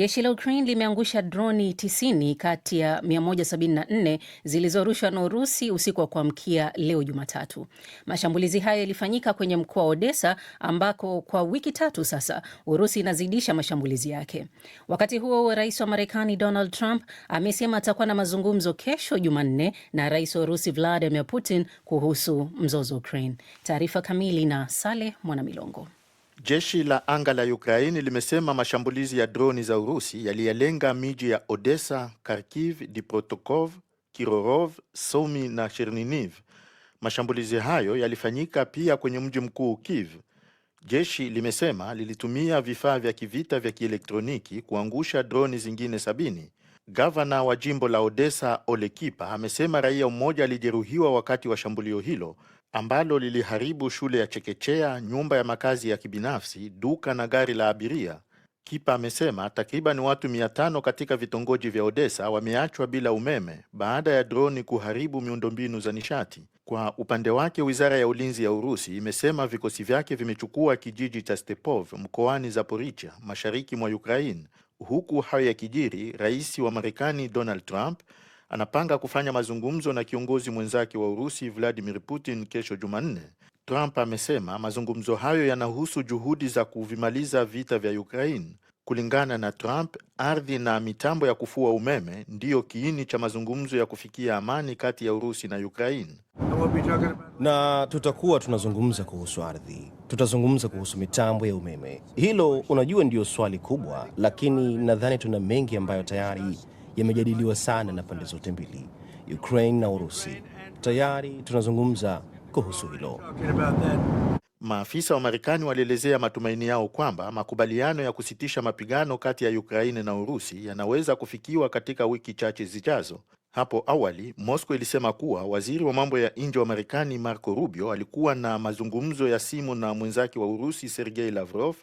Jeshi la Ukraine limeangusha droni 90 kati ya 174 zilizorushwa na Urusi usiku wa kuamkia leo Jumatatu. Mashambulizi hayo yalifanyika kwenye mkoa wa Odessa ambako kwa wiki tatu sasa Urusi inazidisha mashambulizi yake. Wakati huo huo, rais wa Marekani Donald Trump amesema atakuwa na mazungumzo kesho Jumanne na rais wa Urusi Vladimir Putin kuhusu mzozo ukrain Ukraine. Taarifa kamili na Saleh Mwanamilongo. Jeshi la anga la Ukraini limesema mashambulizi ya droni za Urusi yaliyalenga miji ya Odessa, Kharkiv, Diprotokov, Kirorov, Sumy na Chernihiv. Mashambulizi hayo yalifanyika pia kwenye mji mkuu Kiev. Jeshi limesema lilitumia vifaa vya kivita vya kielektroniki kuangusha droni zingine sabini. Gavana wa jimbo la Odessa Olekipa amesema raia mmoja alijeruhiwa wakati wa shambulio hilo ambalo liliharibu shule ya chekechea, nyumba ya makazi ya kibinafsi, duka na gari la abiria. Kipa amesema takriban watu 500 katika vitongoji vya Odessa wameachwa bila umeme baada ya droni kuharibu miundombinu za nishati. Kwa upande wake, wizara ya ulinzi ya Urusi imesema vikosi vyake vimechukua kijiji cha Stepov mkoani Zaporicha, mashariki mwa Ukraine. Huku hayo yakijiri, rais wa Marekani Donald Trump anapanga kufanya mazungumzo na kiongozi mwenzake wa Urusi Vladimir Putin kesho Jumanne. Trump amesema mazungumzo hayo yanahusu juhudi za kuvimaliza vita vya Ukraine. Kulingana na Trump, ardhi na mitambo ya kufua umeme ndiyo kiini cha mazungumzo ya kufikia amani kati ya Urusi na Ukraine. Na tutakuwa tunazungumza kuhusu ardhi, tutazungumza kuhusu mitambo ya umeme. Hilo unajua, ndiyo swali kubwa, lakini nadhani tuna mengi ambayo tayari yamejadiliwa sana na pande zote mbili, Ukraine na Urusi. Tayari tunazungumza kuhusu hilo. Maafisa wa Marekani walielezea matumaini yao kwamba makubaliano ya kusitisha mapigano kati ya Ukraine na Urusi yanaweza kufikiwa katika wiki chache zijazo. Hapo awali Moscow ilisema kuwa waziri wa mambo ya nje wa Marekani Marco Rubio alikuwa na mazungumzo ya simu na mwenzake wa Urusi Sergei Lavrov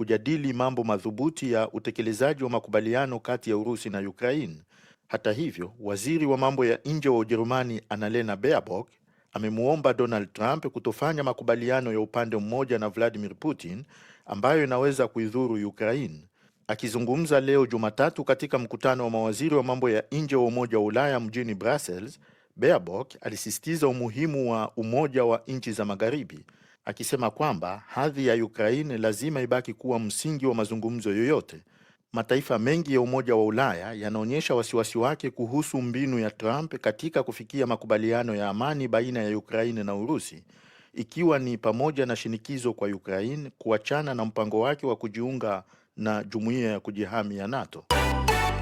kujadili mambo madhubuti ya utekelezaji wa makubaliano kati ya Urusi na Ukraine. Hata hivyo, waziri wa mambo ya nje wa Ujerumani Annalena Baerbock amemwomba Donald Trump kutofanya makubaliano ya upande mmoja na Vladimir Putin ambayo inaweza kuidhuru Ukraine. Akizungumza leo Jumatatu katika mkutano wa mawaziri wa mambo ya nje wa Umoja wa Ulaya mjini Brussels, Baerbock alisisitiza umuhimu wa umoja wa nchi za Magharibi akisema kwamba hadhi ya Ukraine lazima ibaki kuwa msingi wa mazungumzo yoyote. Mataifa mengi ya Umoja wa Ulaya yanaonyesha wasiwasi wake kuhusu mbinu ya Trump katika kufikia makubaliano ya amani baina ya Ukraine na Urusi, ikiwa ni pamoja na shinikizo kwa Ukraine kuachana na mpango wake wa kujiunga na jumuiya ya kujihami ya NATO.